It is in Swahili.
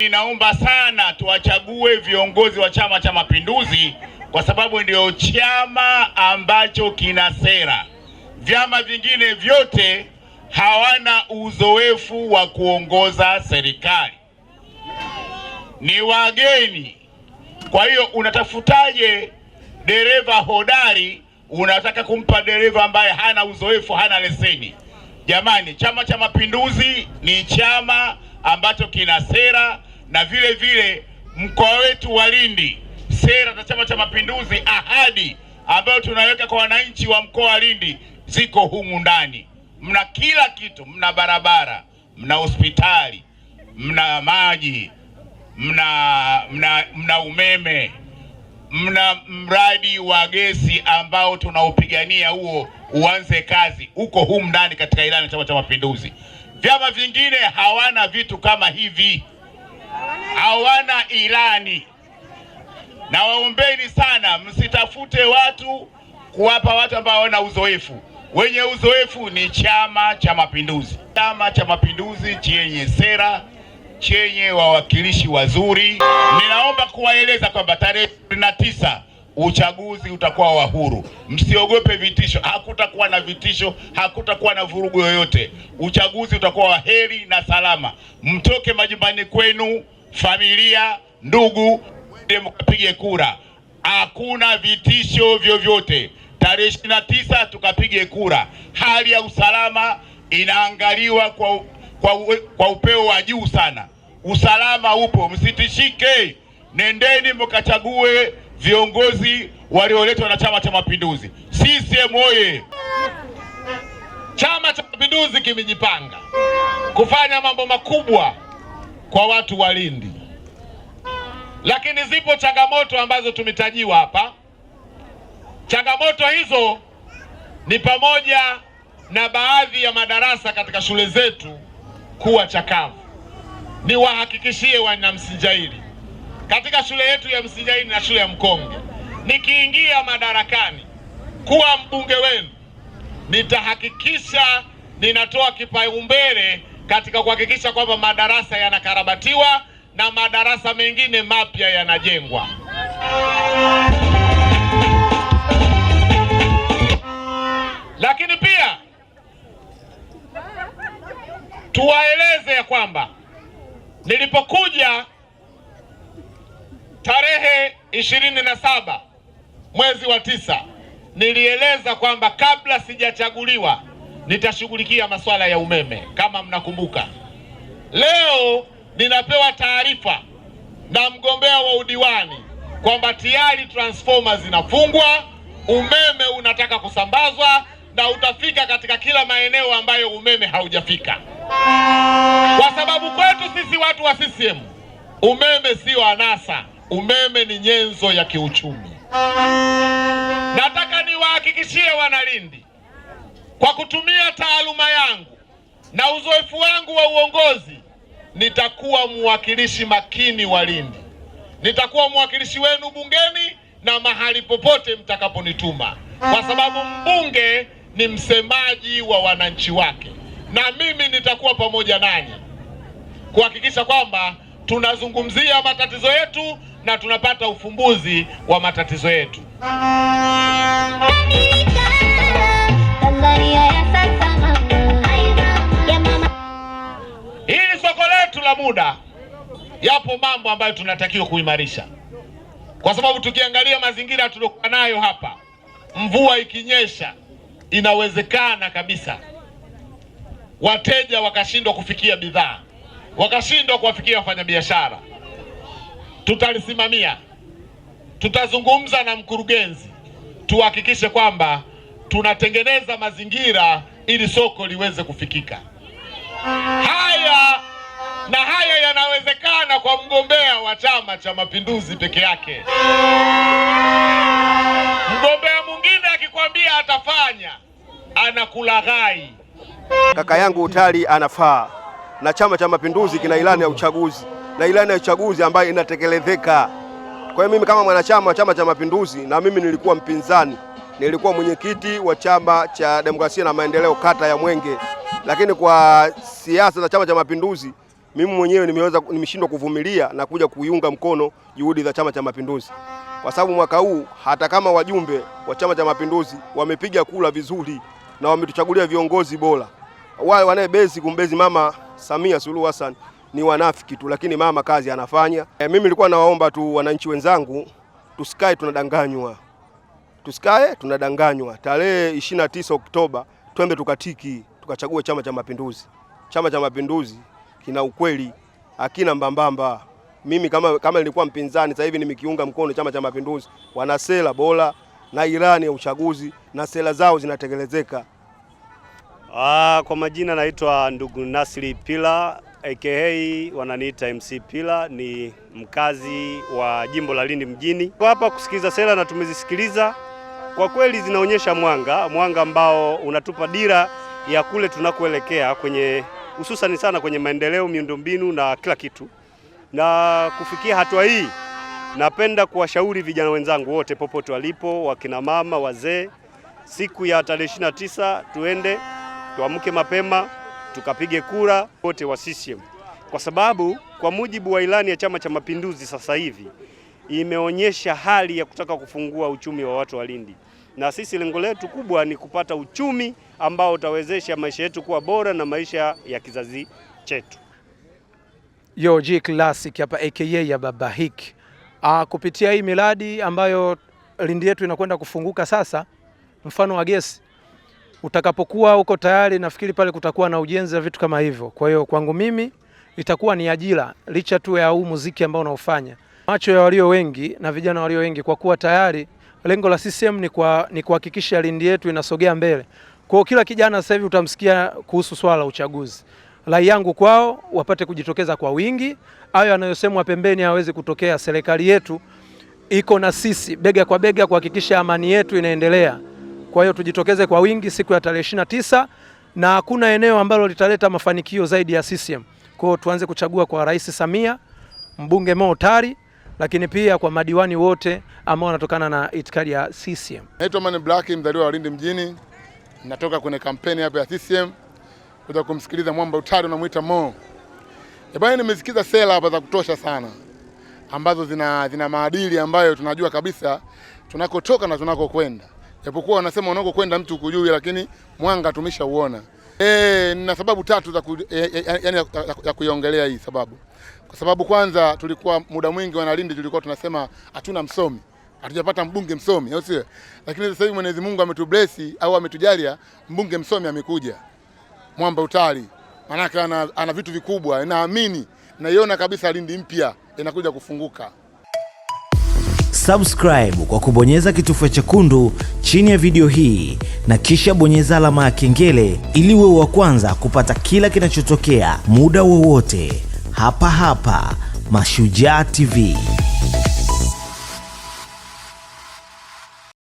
Ninaomba sana tuwachague viongozi wa Chama cha Mapinduzi kwa sababu ndio chama ambacho kina sera. Vyama vingine vyote hawana uzoefu wa kuongoza serikali, ni wageni. Kwa hiyo unatafutaje dereva hodari? Unataka kumpa dereva ambaye hana uzoefu, hana leseni? Jamani, Chama cha Mapinduzi ni chama ambacho kina sera na vile vile mkoa wetu wa Lindi, sera za Chama cha Mapinduzi, ahadi ambayo tunaweka kwa wananchi wa mkoa wa Lindi ziko humu ndani. Mna kila kitu, mna barabara, mna hospitali, mna maji, mna mna, mna umeme, mna mradi wa gesi ambao tunaupigania huo uanze kazi, uko humu ndani katika ilani ya Chama cha Mapinduzi. Vyama vingine hawana vitu kama hivi hawana ilani, na waombeni sana, msitafute watu kuwapa watu ambao hawana uzoefu. Wenye uzoefu ni Chama cha Mapinduzi, Chama cha Mapinduzi chenye sera chenye wawakilishi wazuri. Ninaomba kuwaeleza kwamba tarehe 29 uchaguzi utakuwa wa huru. Msiogope vitisho, hakutakuwa na vitisho, hakutakuwa na vurugu yoyote. Uchaguzi utakuwa wa heri na salama. Mtoke majumbani kwenu, familia, ndugu, mkapige kura. Hakuna vitisho vyovyote. Tarehe ishirini na tisa tukapige kura. Hali ya usalama inaangaliwa kwa, kwa, kwa upeo wa juu sana. Usalama upo, msitishike, nendeni mkachague viongozi walioletwa na Chama cha Mapinduzi. CCM oye! Chama cha Mapinduzi kimejipanga kufanya mambo makubwa kwa watu wa Lindi, lakini zipo changamoto ambazo tumetajiwa hapa. Changamoto hizo ni pamoja na baadhi ya madarasa katika shule zetu kuwa chakavu. Niwahakikishie wana wanamsinjaili katika shule yetu ya Msijaini na shule ya Mkonge. Nikiingia madarakani kuwa mbunge wenu, nitahakikisha ninatoa kipaumbele katika kuhakikisha kwamba madarasa yanakarabatiwa na madarasa mengine mapya yanajengwa. saba mwezi wa tisa nilieleza kwamba kabla sijachaguliwa nitashughulikia masuala ya umeme, kama mnakumbuka. Leo ninapewa taarifa na mgombea wa udiwani kwamba tayari transformer zinafungwa, umeme unataka kusambazwa na utafika katika kila maeneo ambayo umeme haujafika, kwa sababu kwetu sisi watu wa CCM umeme sio anasa umeme ni nyenzo ya kiuchumi. Nataka niwahakikishie Wanalindi, kwa kutumia taaluma yangu na uzoefu wangu wa uongozi, nitakuwa mwakilishi makini wa Lindi. Nitakuwa mwakilishi wenu bungeni na mahali popote mtakaponituma, kwa sababu mbunge ni msemaji wa wananchi wake, na mimi nitakuwa pamoja nanyi kuhakikisha kwamba tunazungumzia matatizo yetu na tunapata ufumbuzi wa matatizo yetu. Hili soko letu la muda, yapo mambo ambayo tunatakiwa kuimarisha, kwa sababu tukiangalia mazingira tuliokuwa nayo hapa, mvua ikinyesha, inawezekana kabisa wateja wakashindwa kufikia bidhaa, wakashindwa kuwafikia wafanyabiashara tutalisimamia. Tutazungumza na mkurugenzi tuhakikishe kwamba tunatengeneza mazingira ili soko liweze kufikika. Haya na haya yanawezekana kwa mgombea wa Chama cha Mapinduzi peke yake. Mgombea mwingine akikwambia atafanya, anakulaghai. Kaka yangu Utali anafaa, na Chama cha Mapinduzi kina ilani ya uchaguzi na ilani ya uchaguzi ambayo inatekelezeka. Kwa hiyo mimi kama mwanachama wa Chama cha Mapinduzi, na mimi nilikuwa mpinzani, nilikuwa mwenyekiti wa Chama cha Demokrasia na Maendeleo kata ya Mwenge, lakini kwa siasa za Chama cha Mapinduzi mimi mwenyewe nimeweza nimeshindwa kuvumilia na kuja kuiunga mkono juhudi za Chama cha Mapinduzi, kwa sababu mwaka huu hata kama wajumbe wa Chama cha Mapinduzi wamepiga kula vizuri na wametuchagulia viongozi bora, wale wanayebezi kumbezi Mama Samia Suluhu Hassan ni wanafiki tu, lakini mama kazi anafanya. E, mimi nilikuwa nawaomba tu wananchi wenzangu tusikae tunadanganywa, tusikae tunadanganywa. Tarehe 29 Oktoba twende tukatiki, tukachague Chama cha Mapinduzi. Chama cha Mapinduzi kina ukweli, hakina mbambamba. Mimi kama, kama nilikuwa mpinzani, sasa hivi nimekiunga mkono Chama cha Mapinduzi. Wana sera bora na ilani ya uchaguzi na sera zao zinatekelezeka. Ah, kwa majina naitwa ndugu Nasri Pila aka wananiita MC Pila, ni mkazi wa jimbo la Lindi mjini. Kwa hapa kusikiliza sera na tumezisikiliza kwa kweli, zinaonyesha mwanga, mwanga ambao unatupa dira ya kule tunakoelekea kwenye hususani sana kwenye maendeleo, miundombinu na kila kitu. Na kufikia hatua hii, napenda kuwashauri vijana wenzangu wote popote walipo, wakina mama, wazee, siku ya tarehe 29 tuende tuamke mapema tukapige kura wote wa CCM, kwa sababu kwa mujibu wa ilani ya Chama cha Mapinduzi sasa hivi imeonyesha hali ya kutaka kufungua uchumi wa watu wa Lindi, na sisi lengo letu kubwa ni kupata uchumi ambao utawezesha maisha yetu kuwa bora na maisha ya kizazi chetu. Yo, G Classic hapa aka ya baba hik Ah, kupitia hii miradi ambayo Lindi yetu inakwenda kufunguka sasa, mfano wa gesi utakapokuwa uko tayari, nafikiri pale kutakuwa na ujenzi wa vitu kama hivyo. Kwa hiyo kwangu mimi itakuwa ni ajira, licha tu ya huu muziki ambao unaofanya macho ya walio wengi na vijana walio wengi, kwa kuwa tayari lengo la CCM ni kwa ni kuhakikisha Lindi yetu inasogea mbele. Kwa kila kijana sasa hivi utamsikia kuhusu swala la uchaguzi. Rai yangu kwao wapate kujitokeza kwa wingi, hayo yanayosemwa pembeni hawezi kutokea. Serikali yetu iko na sisi bega kwa bega kuhakikisha amani yetu inaendelea. Kwa hiyo tujitokeze kwa wingi siku ya tarehe ishirini na tisa na hakuna eneo ambalo litaleta mafanikio zaidi ya CCM. Kwa hiyo tuanze kuchagua kwa Rais Samia, mbunge Mo Tari, lakini pia kwa madiwani wote ambao wanatokana na itikadi ya CCM. Naitwa Man Black, mzaliwa wa Lindi mjini, natoka kwenye kampeni hapa ya CCM kuja kumsikiliza mwamba Utari unamwita Mo. Ebana, nimesikiza sera hapa za kutosha sana ambazo zina, zina maadili ambayo tunajua kabisa tunakotoka na tunakokwenda japokuwa wanasema kwenda mtu kujui, lakini mwanga tumeshauona. E, eh, na sababu tatu za ku, e, e, yani, ya kuiongelea hii sababu. Kwa sababu kwanza, tulikuwa muda mwingi wanalindi tulikuwa tunasema hatuna msomi, hatujapata mbunge msomi, au sio? Lakini sasa hivi Mwenyezi Mungu ametublesi au ametujalia mbunge msomi amekuja, mwamba utali, Maana ana, ana vitu vikubwa, naamini naiona kabisa Lindi mpya inakuja kufunguka subscribe kwa kubonyeza kitufe chekundu chini ya video hii na kisha bonyeza alama ya kengele ili uwe wa kwanza kupata kila kinachotokea muda wowote hapa hapa Mashujaa TV.